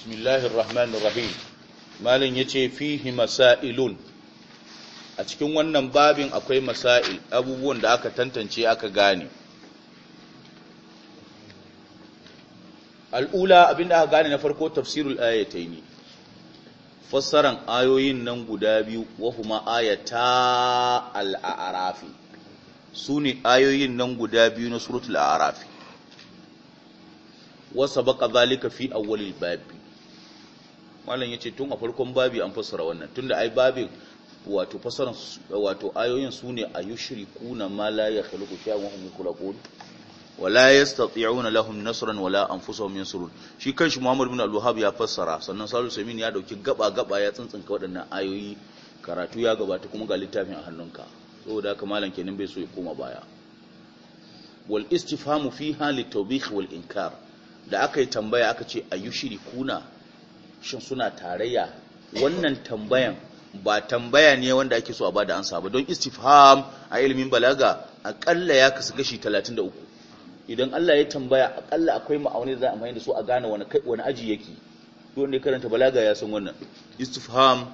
bismillahir rahmanir rahim ce fihi masailun a cikin wannan babin akwai masail abubuwan da aka tantance aka gane al'ula abinda aka gane na farko tafsirul ayataini fassaran ayoyin nan guda biyu wahuma ayata al'arafi su ne ayoyin nan guda biyu na suratul al'arafi. wasa baka zalika fi awwalil babi malam ya ce tun a farkon babi an fassara wannan tunda ai babin wato fassaran wato ayoyin sune kuna ma la yakhluqu shay'an wa hum yakhluqun wala yastati'una lahum nasran wala anfusuhum yansurun shi kanshi Muhammad ibn al-Wahhab ya fassara sannan Salu Samin ya dauki gaba gaba ya tsintsinka waɗannan ayoyi karatu ya gabata kuma ga littafin a hannunka saboda haka malam kenan bai so ya koma baya wal istifhamu fiha litawbih wal inkar da aka yi tambaya aka ce kuna. shin suna tarayya wannan tambayan ba tambaya ne wanda ake so a bada ansa ba don istifham a ilimin balaga akalla ya kasu gashi 33 idan Allah ya tambaya akalla akwai ma'auni da za a amfani da su a gane wani wani aji yake don ne karanta balaga ya san wannan istifham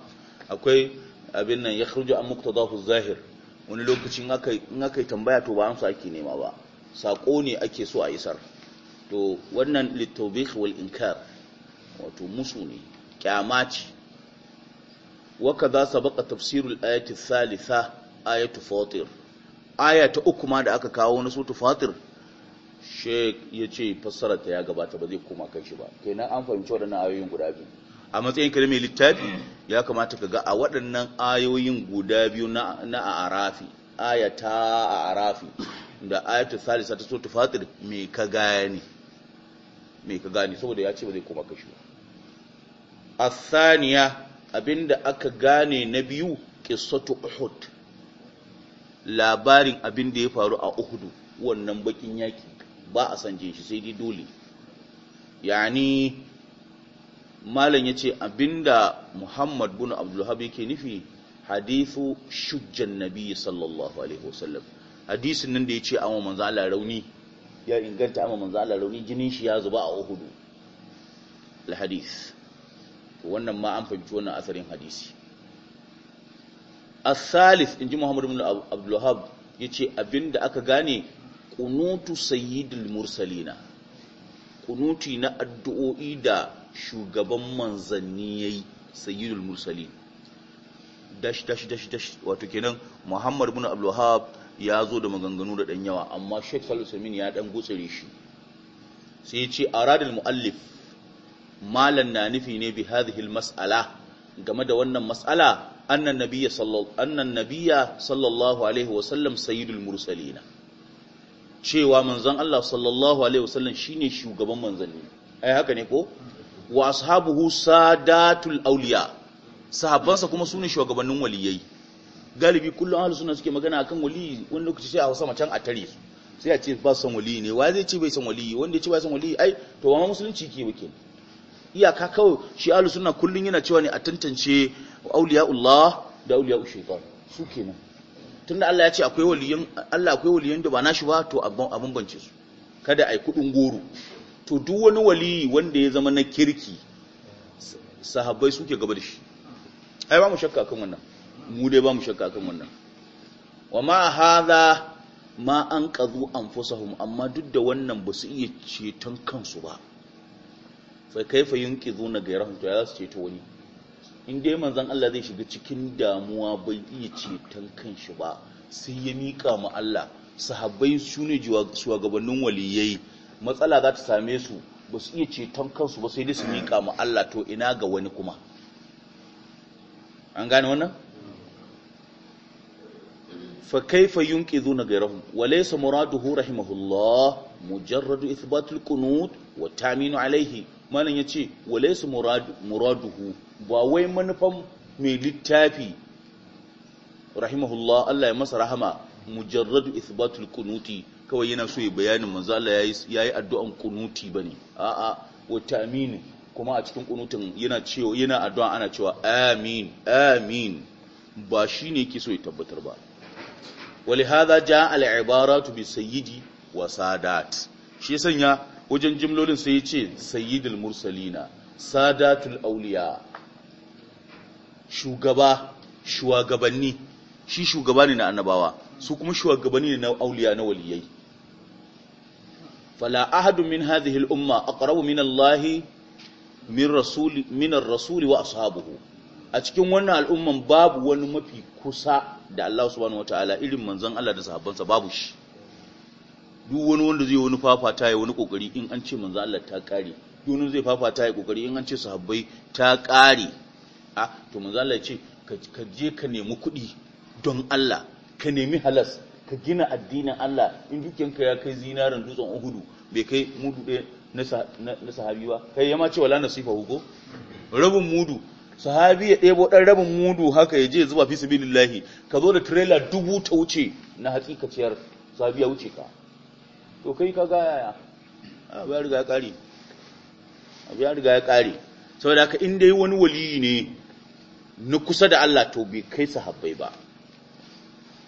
akwai abin nan ya khruju an muqtadahu zahir wani lokaci in aka in aka tambaya to ba amsa ake nema ba sako ne ake so a isar to wannan litawbih wal inkar wato musu ne kyama ce waka za su baka tafsirul ayati salisa ayatu fatir aya ta uku ma da aka kawo na sutu fatir sheik ya ce fassara ta ya gabata ba zai koma kan shi ba kenan an fahimci waɗannan ayoyin guda biyu a matsayin ka mai littafi ya kamata ka ga a waɗannan ayoyin guda biyu na a arafi ayyata a arafi da ayatu salisa ta sutu fatir me ka gane me ka gane saboda ya ce ba zai koma kan shi ba athaniya abinda aka gane na biyu qissatu uhud labarin abinda ya faru a uhudu wannan bakin yaki ba a san jin shi sai dai dole yani malam ya ce abinda muhammad bin abdullahi yake nufi hadithu shujjan nabi sallallahu alaihi wasallam hadisin nan da ya ce amma manzo Allah rauni ya inganta amma manzo Allah rauni jinin shi ya zuba a uhudu al hadith to wannan ma an fahimci wannan asarin hadisi as-salis ji Muhammadu ibn Abdul ya yace abinda aka gane qunutu sayyidul mursalina qunuti na addu'o'i da shugaban manzanni yayi sayyidul mursalin dash dash dash dash wato kenan Muhammadu ibn Abdul ya zo da maganganu da dan yawa amma Sheikh Salisu ya ɗan gutsire shi sai ya ce aradul muallif malan na nufi ne bi hadhil mas'ala, game da wannan mas'ala annan nabiyya sallallahu annan nabiyya sallallahu alaihi wa sallam sayyidul mursalina cewa manzon Allah sallallahu alaihi wa sallam shine shugaban manzanni ai haka ne ko wa ashabuhu sadatul awliya sahabbansa kuma sune shugabannin waliyai galibi kullum ahlus sunna suke magana akan wali wani lokaci sai a Hausa macan a tare su sai a ce ba san wali ne wa zai ce bai san wali wanda ya ce bai san wali ai to ba musulunci ke ne? iyaka kawai shi ahlus sunna kullun yana cewa ne a tantance auliya'ullah da auliya shaytan su kenan tunda Allah ya ce akwai waliyan Allah akwai waliyan da ba nashi ba to a bambance su kada ai kudin goro to duk wani wali wanda ya zama na kirki sahabbai suke gaba da shi ai ba mu shakka kan wannan mu dai ba mu shakka kan wannan wa ma hadha ma an qazu anfusahum amma duk da wannan ba su iya ceton kansu ba fa kaifa yunqizuna na to ya su ceto wani in dai manzon Allah zai shiga cikin damuwa bai iya ceton kanshi ba sai ya mika ma Allah sahabbai su ne shugabannin waliyai matsala za ta same su ba su iya ceton kansu ba sai dai su mika ma Allah to ina ga wani kuma an gane wannan fa kaifa yunqiduna ghayrahum wa laysa muraduhu rahimahullah mujarradu ithbatul qunut wa ta'minu alayhi malan yace wa laysa muradu muraduhu ba wai manufan mai littafi rahimahullah Allah ya masa rahama mujarradu ithbatul kunuti kawai yana so ya bayanin manzo Allah yayi yayi addu'an kunuti bane a'a wa ta'minu kuma a cikin kunutin yana cewa yana addu'a ana cewa amin amin ba shi ne yake so ya tabbatar ba ولهذا bi Sayyidi wa Sadat shi sanya wajen jimlolin sai ce sayyidul mursalina sadatul auliya shugaba shugabanni shi shugaba ne na annabawa su kuma shugabanni ne na auliya na waliyai fala ahadu min hadhihi al-umma aqrabu min Allah min rasuli min ar wa ashabuhu a cikin wannan al'umman babu wani mafi kusa da Allah subhanahu wataala irin manzon Allah da sahabbansa babu shi duk wani wanda zai wani fafata ya wani kokari in an ce manzon Allah ta kare duk zai fafata ya kokari in an ce sahabbai ta kare a to manzon Allah ya ce ka je ka nemi kuɗi don Allah ka nemi halas ka gina addinin Allah in ka ya kai zinarin dutsen Uhudu bai kai mudu ɗaya na sahabi ba kai ya ma ce wala nasifa hugo rabin mudu sahabi ya ɗebo ɗan rabin mudu haka ya je zuba fi sabilillahi ka zo da trailer dubu ta wuce na hatsi ciyar sahabi ya wuce ka to kai ka ga yaya abu ya riga ya ƙare abu ya riga ya ƙare saboda haka in dai wani waliyi ne na kusa da Allah to bai kai sahabbai ba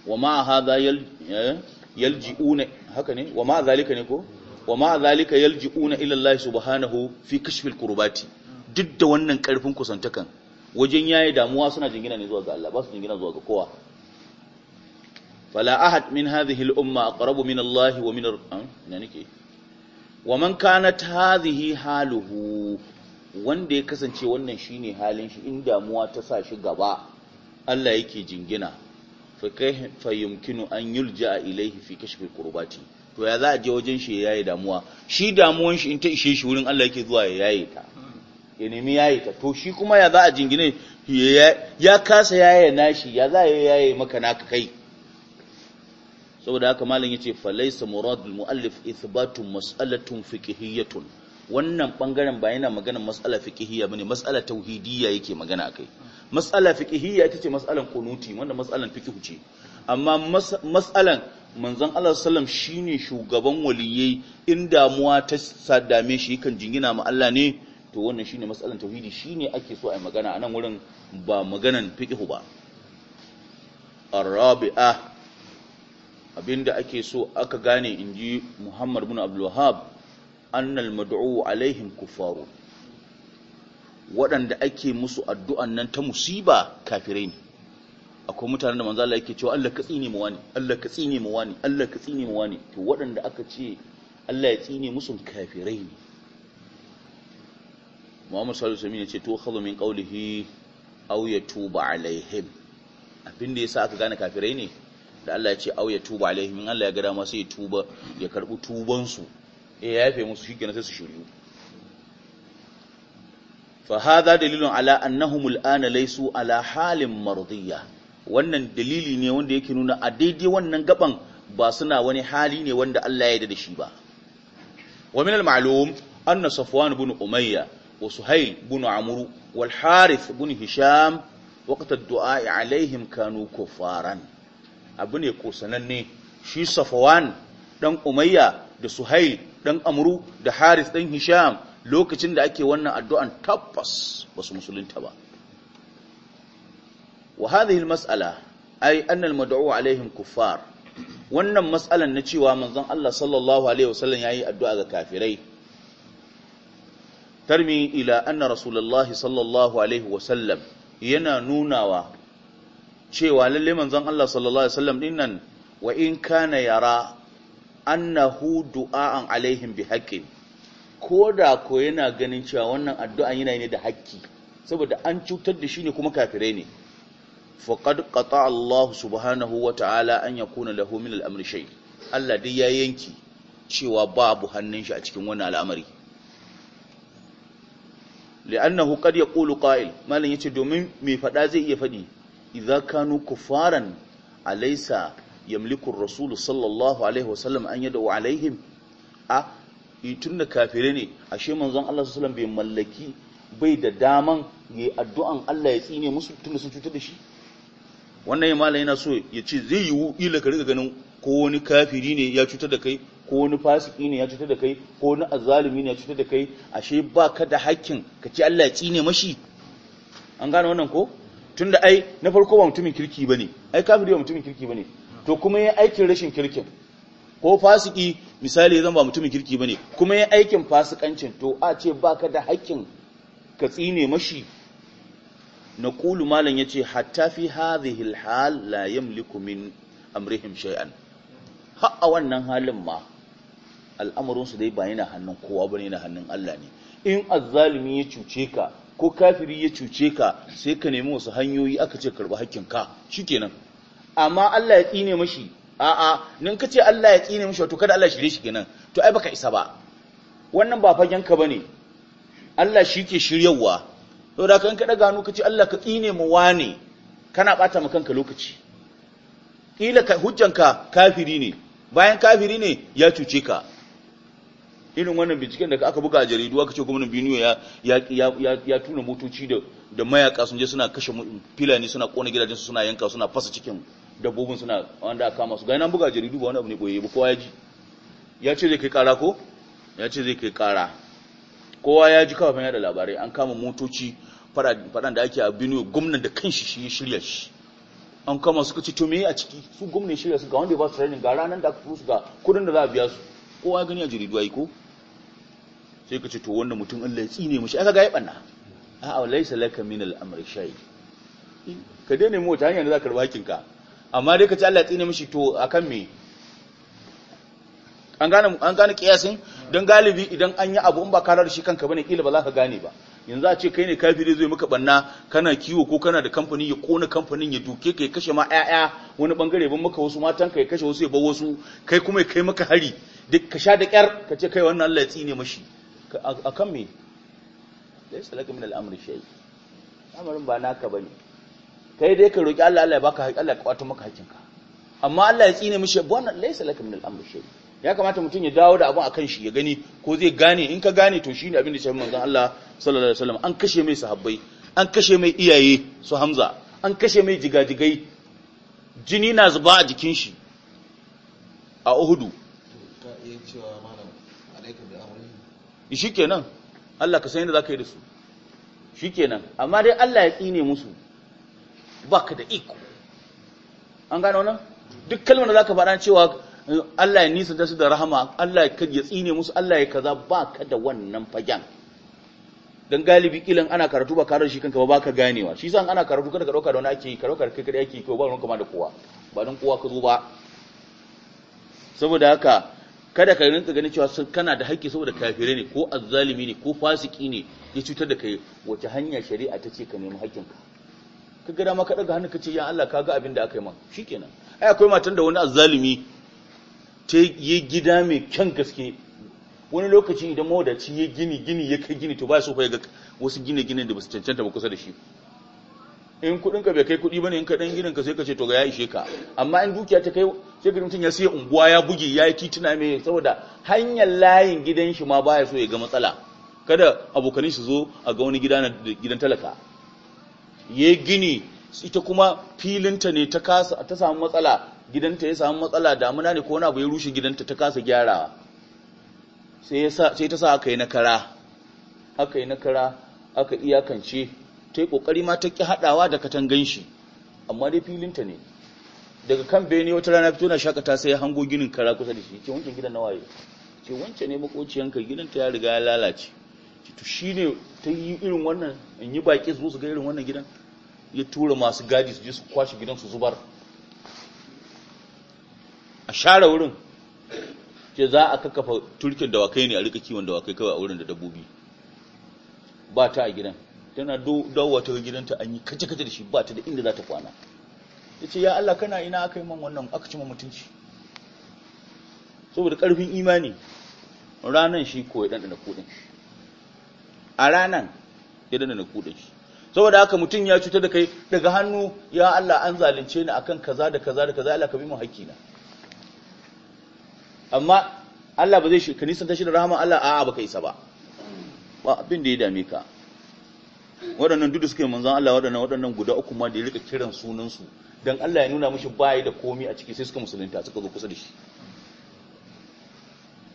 wa ma hadha eh, yalji'una haka ne wa ma zalika ne ko wa ma zalika yalji'una ila Allah subhanahu fi kashfil qurbati duk da wannan ƙarfin kusantakan wajen yayi damuwa suna jingina ne zuwa ga Allah ba su jingina zuwa ga kowa fala ahad min hadhihi al-umma aqrabu min Allah wa min ah, ina nake wa man kanat hadhihi haluhu wanda ya kasance wannan shine halin shi in damuwa ta sa shi gaba Allah yake jingina fa kai fa yumkinu an yulja ilayhi fi kashfi qurbati to ya za a je wajen shi yayi damuwa shi damuwan shi in ta ishe shi wurin Allah yake zuwa ya yaye ta ya nemi yayi ta to shi kuma ya za a jingine ya kasa yaye nashi ya za ya yaye maka naka kai saboda haka malam yace falaysa muradul muallif ithbatu mas'alatun fiqhiyyatun wannan bangaren ba yana magana mas'ala fiqhiyya bane mas'ala tauhidiyya yake magana akai mas'ala fiqhiyya ita ce mas'alan kunuti wanda mas'alan fiqhu ce amma mas'alan manzon Allah sallam shine shugaban waliyyi in damuwa ta sadame shi kan jingina ma Allah ne to wannan shine matsalan tauhidi shine ake so ai magana anan wurin ba maganan fiqh ba arabi'a abinda ake so aka gane inji Muhammad ibn Abdul Wahhab annal mad'u alaihim kufaru waɗanda ake musu addu'an nan ta musiba kafirai ne akwai mutanen da manzo Allah yake cewa Allah ka tsine mu wani Allah ka tsine mu wani Allah ka tsine mu wani to waɗanda aka ce Allah ya tsine musu kafirai ne Muhammad sallallahu alaihi wasallam ce to khadhu min qawlihi aw tuba alaihim abin da yasa aka gane kafirai ne da Allah ya ce aw yatuba alaihim in Allah ya ga masa ya tuba ya karbu tuban su eh ya yafe musu shikenan sai su shiryu fa hadha dalilun ala annahum al'ana laysu ala halin mardiya wannan dalili ne wanda yake nuna a daidai wannan gaban ba suna wani hali ne wanda Allah ya yarda da shi ba wa min al-ma'lum anna safwan ibn umayya وسهيل بن عمرو والحارث بن هشام وقت الدعاء عليهم كانوا كفارا abu ne ko sananne shi safawan ɗan umayya da suhail dan amru da haris dan hisham lokacin da ake wannan addu'an tabbas basu musulunta ba wa hadhihi almas'ala ay anna almad'u alaihim kuffar wannan mas'alan na cewa manzon Allah sallallahu alaihi wasallam yayi addu'a ga kafirai tarmi ila anna rasulullahi sallallahu alaihi wasallam yana nunawa cewa lalle manzon Allah sallallahu alaihi wasallam dinnan wa in kana yara annahu du'a'an alaihim bihaqqin koda ko yana ganin cewa wannan addu'an yana ne da haƙƙi saboda an cutar da shi ne kuma kafirai ne faqad qata Allah subhanahu wa ta'ala an yakuna lahu min al-amri shay Allah dai ya yanki cewa babu hannun shi a cikin wannan al'amari li'annahu qad yaqulu malam ya ce domin mai faɗa zai iya faɗi, idza kanu kufaran alaysa yamlikun ar-rasul sallallahu alaihi wasallam an yad'u alaihim a tunda kafire ne ashe manzon Allah sallallahu alaihi wasallam bai mallaki bai da daman yayi addu'an Allah ya tsine musu tunda sun cutar da shi wannan malan yana so ya ce zai yiwu ila ka riga ganin ko wani kafiri ne ya cutar da kai ko wani fasiki ne ya cutar da kai ko wani azalimi ne ya cutar da kai ashe ba ka da hakkin ka ci Allah ya tsine mashi an gane wannan ko tunda ai na farko ba mutumin kirki bane ai kafiri ba mutumin kirki bane to kuma yayin aikin rashin kirkin ko fasiki misali zan ba mutumin kirki bane kuma yayin aikin fasikancin to a ce ba ka da hakkin ka tsine mashi na Kulu malam ya ce hatta fi hazihil hal la yamliku min amrihim shay'an ha a wannan halin ma Al'amuransu dai ba yana hannun kowa ba yana hannun Allah ne in azzalimi ya cuce ka ko kafiri ya cuce ka sai ka nemi wasu hanyoyi aka ce karɓi hakkinka shikenan amma Allah ya tsine mashi a'a nan ka ce Allah ya tsine mashi to kada Allah shirye shi kenan to ai baka isa ba wannan ba fagen ka bane Allah shi ke shiryawa saboda kan ka daga hannu ka ce Allah ka tsine mu wane kana bata maka kanka lokaci kila hujjanka kafiri ne bayan kafiri ne ya cuce ka irin wannan binciken da aka buga a jaridu aka ce gwamnan biniyo ya ya ya tuna motoci da da mayaka sun je suna kashe filani suna kona gidajen su suna yanka suna fasa cikin dabbobin suna wanda aka kama su ga nan buga a jaridu ba wani abu ne boye ba kowa ya ji ya ce zai kai kara ko ya ce zai kai kara kowa ya ji kafin yada labarai an kama motoci fadan da ake a biniyo gwamnan da kanshi shi ya shirya shi an kama suka ce to me a ciki su gwamnan shirya su ga wanda ya ba su training ga ranar da aka furu su ga kudin da za a biya su kowa ya gani a jaridu ai ko sai ka ce to wannan mutum Allah ya tsine mushi aka ga ya banna a'a laysa laka min al amr shay ka dai nemi mota hanya da za ka hakinka amma dai ka ce Allah ya tsine mushi to akan me an gane an gane kiyasin don galibi idan an yi abu in ba karar shi kanka bane kila ba za ka gane ba yanzu a ce kai ne kafiri zai maka banna kana kiwo ko kana da kamfani ya kona kamfanin ya duke ka ya kashe ma ƴaƴa wani bangare ban maka wasu matan ka ya kashe wasu ya bar wasu kai kuma ya kai maka hari duk ka sha da kyar ka ce kai wannan Allah ya tsine mashi a kan me da ya salaka min al'amri shayi amurin ba naka bane kai dai ka roƙi Allah Allah ya baka haƙi Allah ya kwato maka hakinka amma Allah ya tsine mishi na laysa laka min al'amri shayi ya kamata mutum ya dawo da abin a kan shi ya gani ko zai gane in ka gane to shine abin da ya shafi manzon Allah sallallahu alaihi wasallam an kashe mai sahabbai an kashe mai iyaye su Hamza an kashe mai jigajigai jini na zuba a jikin shi a uhudu kenan, Allah ka san yadda ka yi da su shikenan amma dai Allah ya tsine musu baka da iko an gano nan duk kalmar da ka faɗa cewa eh, Allah ya nisa dasu su da rahama Allah ya tsine musu Allah ya kaza baka da wannan fagen don galibi kilan ana karatu ba karar shi kanka ba baka ganewa shi san ana karatu kada ka dauka da wani ake ka dauka kai kada yi kai, ba wani kama da kowa ba don kowa ka zo ba saboda haka kada ka rinka ganin cewa sun kana da haƙƙi saboda kafirai ne ko azzalimi ne ko fasiki ne ya cutar da kai wace hanya shari'a ta ce ka nemi haƙƙin ka ga dama ka daga hannu ka ce ya Allah ka ga abin da aka yi ma shikenan ai akwai matan da wani azzalimi ta yi gida mai kyan gaske wani lokaci idan mawadaci ya gini gini ya kai gini to ba su fa ga wasu gine gine da ba su cancanta ba kusa da shi in kudin ka bai kai kudi bane in ka dan gidan ka sai ka ce to ga ya ishe ka amma in dukiya ta kai sai ka mutun ya sai unguwa ya buge ya yi tituna mai saboda hanyar layin gidan shi ma baya so ya ga matsala kada abokanin shi zo a ga wani gidan gidan talaka Ye gini ita kuma filinta ne ta kasa ta samu matsala gidanta ya samu matsala damuna ne ko wani abu ya rushe gidanta ta kasa gyarawa sai ta sa aka yi nakara aka yi nakara aka iyakance ta yi ƙoƙari ma ta ƙi haɗawa da katangan shi amma dai filinta ne daga kan bene wata rana fito na shakata sai hango ginin kara kusa da shi ce wancan gidan na waye ce wancan ne makociyanka gidanta ya riga ya lalace to shine ta yi irin wannan in yi baƙi su su ga irin wannan gidan ya tura masu gadi su je su kwashe gidan su zubar a share wurin ce za a kakkafa turkin dawakai ne a rika kiwon dawakai kawai a wurin da dabbobi ba ta a gidan tana dawowa ta gidanta an yi kace-kace da shi ba ta da inda za ta kwana ya ce ya Allah kana ina aka yi man wannan aka cima mutunci saboda ƙarfin imani ranan shi ko ya ɗanɗana kuɗin shi a ranan ya ɗanɗana kuɗin shi saboda haka mutum ya cuta da kai daga hannu ya Allah an zalunce ni akan kaza da kaza da kaza Allah ka bi mu na. amma Allah ba zai shi ka nisan shi da rahama Allah a'a baka isa ba ba abin da ya dame ka waɗannan duk da suke manzan Allah waɗannan waɗannan guda uku ma da ya rika kiran sunansu don Allah ya nuna mishi bayi da komi a ciki sai suka musulunta suka zo kusa da shi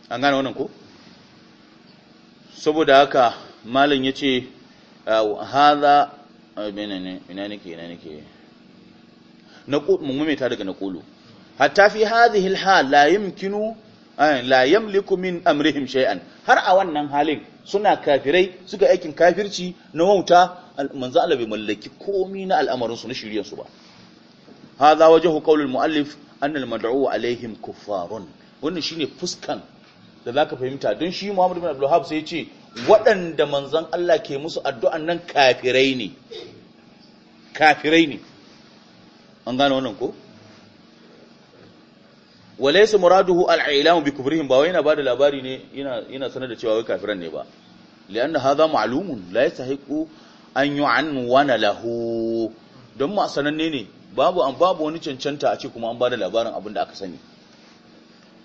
an gane wannan ko saboda haka malam yace ah, hadha ah, menene ina nake ina nake naqul mun maimaita daga na kolo. hatta fi hadhihi hal la yumkinu Eh, la yamliku min amrihim shay'an har a wannan halin suna kafirai suka aikin kafirci na wauta manzo Allah bai mallaki komai na al'amarin su na shiriyar su ba hadha wajhu qawlul muallif anna al-mad'u alaihim kuffarun wannan shine fuskan da zaka fahimta don shi Muhammad bin Abdul sai ya ce waɗanda manzon Allah ke musu addu'an nan kafirai ne kafirai ne an gane wannan ko walaysa muraduhu al-ilamu bi kufrihim ba wai yana bada labari ne yana yana sanar da cewa wai kafiran ne ba lianna hadha ma'lumun la yastahiqu an yu'annu wa lahu don ma sananne ne babu an babu wani cancanta a ce kuma an bada labarin abin da aka sani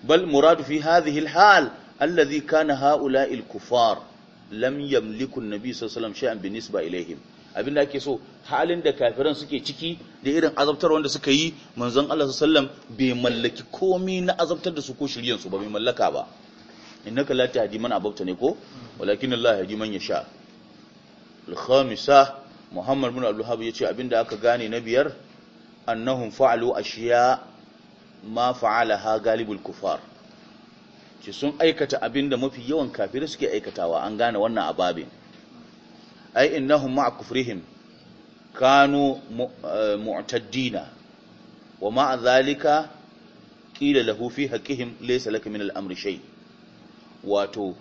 bal muradu fi hadhihi al-hal alladhi kana ha'ula'i al-kuffar lam yamliku an-nabi sallallahu alaihi wasallam shay'an bi nisba ilayhim abin da ake so halin da kafiran suke ciki da irin azabtar wanda suka yi manzon Allah sallam bai mallaki komai na azabtar da su ko shiryan su ba bai mallaka ba innaka la tahdi man ababta ne ko walakin Allah yahdi man yasha al-khamisa Muhammad bin Abdul yace da aka gane na biyar annahum fa'alu ashiya ma fa'alaha galibul kufar ci sun aikata abinda mafi yawan kafirai suke aikatawa an gane wannan ababin ai innahum ma'a kufrihim kanu eh, mu'taddina wa ma'a zalika qila lahu fi haqqihim laysa laka min al-amri shay wato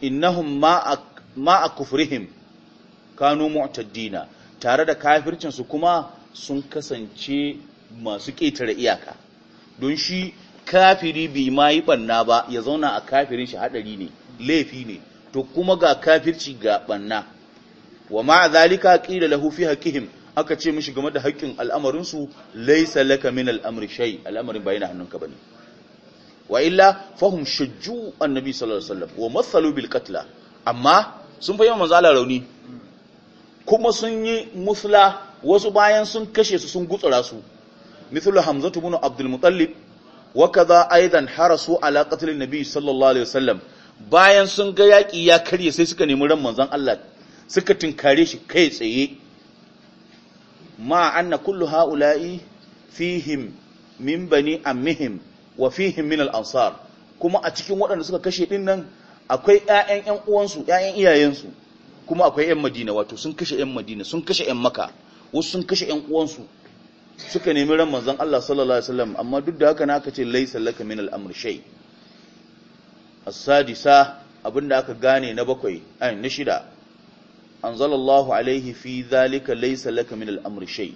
innahum ma'a ma'a kufrihim kanu mu'taddina tare da kafircin su kuma sun kasance masu ƙetare iyaka don shi kafiri bai ma yi banna ba ya zauna a kafirin shi hadari ne laifi ne to kuma ga kafirci ga banna wa ma zalika qila lahu fi haqqihim aka ce mishi game da haƙƙin al'amarin su laysa laka min al'amri shay al'amarin bayina hannunka bane wa illa fahum shujju annabi sallallahu alaihi wasallam wa mathalu bil qatla amma sun fa yawan rauni kuma sun yi musla wasu bayan sun kashe su sun gutsura su mithlu hamzatu ibn abdul muttalib wa kaza aidan harasu ala qatl an-nabi sallallahu alaihi wasallam bayan sun ga yaki ya karye sai suka nemi ran manzon Allah suka tinkare shi kai tsaye ma anna kullu haula'i fihim min bani ammihim wa fihim min al-ansar kuma a cikin waɗanda suka kashe din nan akwai 'ya'yan ƴan uwansu ƴaƴan iyayensu kuma akwai ƴan Madina wato sun kashe ƴan Madina sun kashe 'yan Makka wasu sun kashe ƴan uwansu suka nemi ran manzon Allah sallallahu alaihi wasallam amma duk da haka na aka ce laysa laka min al-amr shay sadisa abinda aka gane na bakwai ai na shida anzalallahu alaihi fi zalika laysa laka min al shay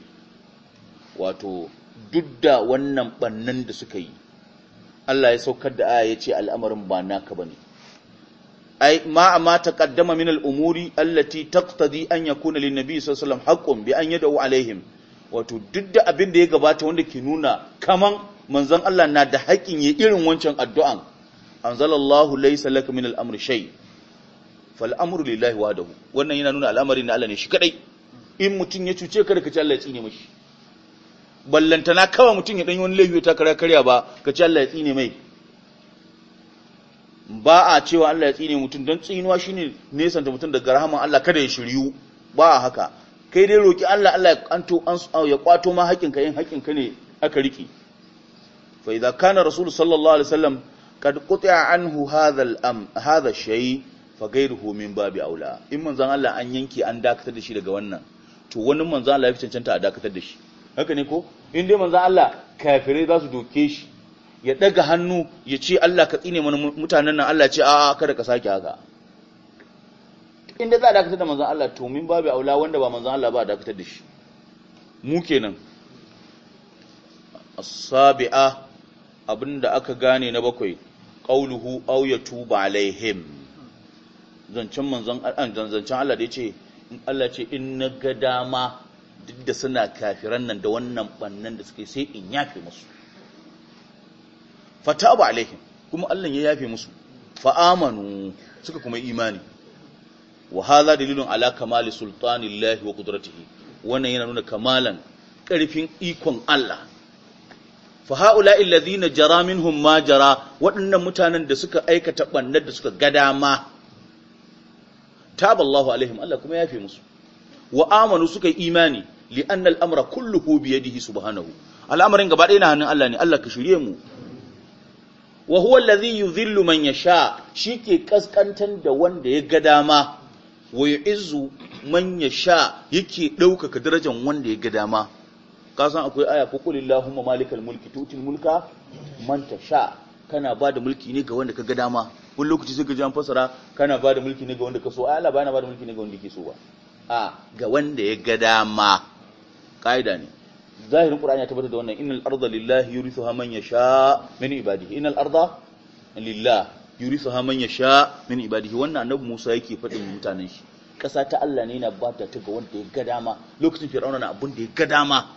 wato dudda wannan bannan da suka yi Allah ya saukar da aya yace al'amarin ba naka bane ai ma amma taqaddama min al-umuri allati taqtadi an yakuna lin-nabi sallallahu alaihi wasallam haqqun bi an yad'u alaihim wato dudda abin da ya gabata wanda ke nuna kaman manzon Allah na da haƙin yi irin wancan addu'an anzalallahu laysa laka min al shay' fal amru lillahi wannan yana nuna al'amari na Allah ne shi kadai in mutum ya cuce ka ci Allah ya tsine mishi ballantana kawa mutum ya dan wani laifi ta kare karya ba ci Allah ya tsine mai ba a cewa Allah ya tsine mutum dan tsinuwa shine nesan da mutum daga rahama Allah kada ya shiryu ba haka kai dai roki Allah Allah ya an ya kwato ma haƙƙinka yin haƙƙinka ne aka riƙe. fa idza kana sallallahu alaihi wasallam kad qutiya anhu hadha al-am hadha shay' fa min babi aula in manzon Allah an yanke an dakatar da shi daga wannan to wani manzon Allah ya fi cancanta a dakatar da shi haka ne ko in dai manzon Allah kafirai za su doke shi ya daga hannu ya ce Allah ka tsine mana mutanen nan Allah ce a kada ka sake haka in dai za a dakatar da manzon Allah to min babi aula wanda ba manzon Allah ba a dakatar da shi mu kenan as-sabi'a abinda aka gane na bakwai qauluhu aw yatuba alaihim zancen manzon zancen Allah da yace in Allah ce in na ga dama duk da suna kafiran nan da wannan bannan da suke sai in yafe musu fataba alaihim kuma Allah ya yafe musu fa amanu suka kuma imani wa hadha dalilun ala kamali sultanillahi wa qudratihi wannan yana nuna kamalan karfin ikon Allah fa haula alladhina jara minhum ma jara waɗannan mutanen da suka aikata bannan da suka ga dama taballahu alaihim Allah kuma yafe musu wa amanu suka yi imani li anna al'amra kulluhu bi yadihi subhanahu al'amarin gaba ɗaya na hannun Allah ne Allah ka shirye mu wa huwa allazi yudhillu man yasha shike kaskantar da wanda ya ga dama wa yu'izzu man yasha yake ɗaukaka darajar wanda ya ga dama ka san akwai aya fa qul malikal mulki tutil mulka man tasha kana bada mulki ne ga wanda ka ga dama wani lokaci sai ka ji an fasara kana ba da mulki ne ga wanda ka so a ala ba ba da mulki ne ga wanda ke so ba a ga wanda ya ga dama ƙa'ida ne zahirin qur'ani ya tabbatar da wannan innal arda lillahi yurithuha man yasha min ibadihi innal arda lillah yurithuha man yasha min ibadihi wannan annabi Musa yake faɗin mutanen shi ƙasa ta Allah ne yana ba ta ga wanda ya ga dama lokacin fir'auna na abin da ya ga dama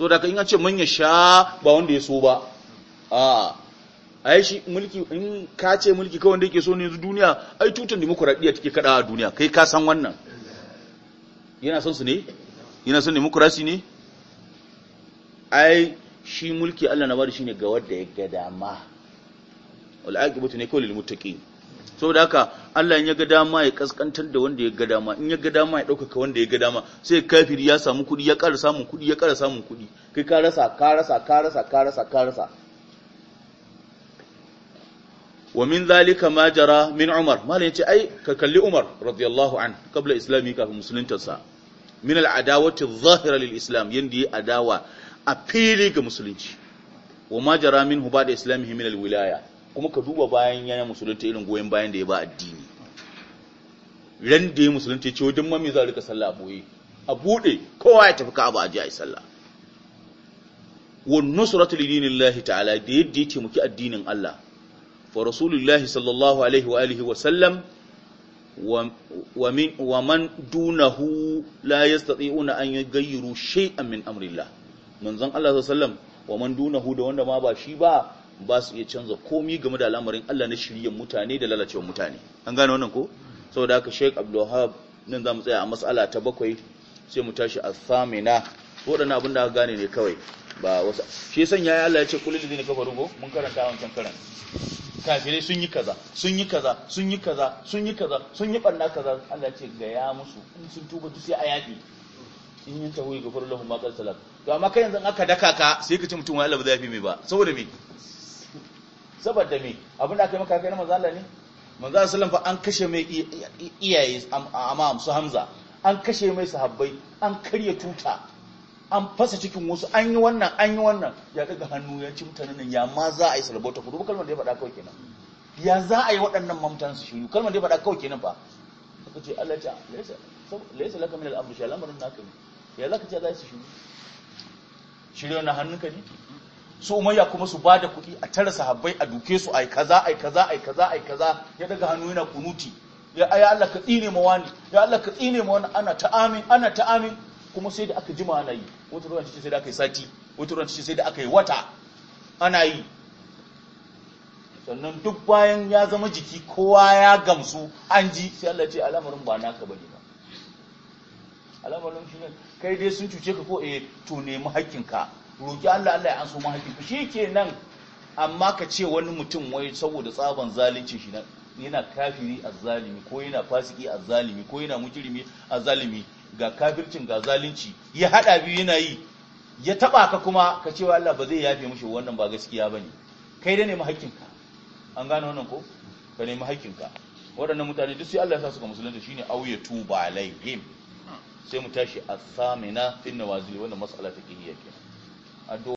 so daga ka in ce man yasha ba wanda ya so ba a ai shi mulki in ka ce mulki kawai da yake so ne yanzu duniya ai tutan demokradiya take kada a duniya kai ka san wannan yana son su ne yana son demokrasi ne ai shi mulki Allah na shi shine ga wanda ya ga dama wal aqibatu ne kawai lil muttaqin saboda haka Allah in ya ga dama ya kaskantar da wanda ya ga dama in ya ga dama ya ɗaukaka wanda ya ga dama sai kafiri ya samu kuɗi ya ƙara samun kuɗi ya ƙara samun kuɗi kai ka rasa ka rasa ka rasa ka rasa ka rasa wa min zalika ma jara min umar malai yace ai ka kalli umar radiyallahu an kabla islami kafin sa min al'adawati zahira lil islam yanda yi adawa a fili ga musulunci wa ma jara minhu ba da islamihi min wilaya kuma ka duba bayan yana musulunta irin goyen bayan da ya ba addini ran da ya musulunta ce wajen mami za rika sallah boye a bude kowa ya tafi ka'aba a je a yi sallah wa nusratu lidinillahi ta'ala da yadda ya taimaki addinin Allah wa rasulullahi sallallahu alaihi wa alihi wa sallam wa man dunahu la yastati'una an yughayyiru shay'an min amrillah manzon Allah sallallahu alaihi wa sallam wa man dunahu da wanda ma ba shi ba ba su iya canza komai game da al'amarin Allah na shiryen mutane da lalacewar mutane an gane wannan ko saboda haka Sheikh Abdul nan zamu tsaya a mas'ala ta bakwai sai mu tashi as-samina wadannan abin da aka gane ne kawai ba wasu shi sanya ya Allah ya ce kullu ladina kafaru ko mun karanta wancan karanta. kafirai sun yi kaza sun yi kaza sun yi kaza sun yi kaza sun yi ɓanna kaza Allah ce ga ya musu in sun tuba su sai a yaƙi in yi tahu ga faru lahun makar salat to amma kai yanzu aka daka ka sai ka ci mutum wani Allah zafi zai fi mai ba saboda me saboda me abin da aka yi maka kai na manzo ne manzo salam fa an kashe mai iyaye amma su Hamza an kashe mai sahabbai an karya tuta an fasa cikin wasu an yi wannan an yi wannan ya daga hannu ya ci mutanen nan ya ma za a yi salabauta ku dubu kalmar da ya faɗa kawai kenan ya za a yi waɗannan mamtan su shiru kalmar da ya faɗa kawai kenan fa ka ce Allah ta laisa laka min al'amru shalama nan naka ne ya zaka ce za su shiru shirye na hannunka ne su umayya kuma su bada kuɗi a tara sahabbai a duke su ai kaza ai kaza ai kaza ai kaza ya daga hannu yana kunuti ya Allah ka tsine ma wani ya Allah ka tsine ma wani ana ta amin ana ta amin kuma sai da aka jima ana yi wata ruwan cikin sai da aka yi sati wata ruwan cikin sai da aka yi wata ana yi sannan duk bayan ya zama jiki kowa ya gamsu an ji sai Allah ce al'amarin ba naka ne ba al'amarin shi ne kai dai sun cuce ka ko eh to nemi haƙƙinka roki Allah Allah ya anso ma ke shikenan amma ka ce wani mutum wai saboda tsaban zalunci shi nan yana kafiri a zalimi ko yana fasiki a zalimi ko yana mujrimi zalimi ga kafircin ga zalunci ya haɗa biyu yana yi ya taba ka kuma ka cewa Allah ba zai yafe mushi wannan ba gaskiya bane kai da nemi ka? an gane wannan ko ka nemi ka. waɗannan mutane duk sai Allah ya sa su ga musulunta shine tu ba laihim sai mu tashi a samina fin nawazili wannan mas'ala ta kiyya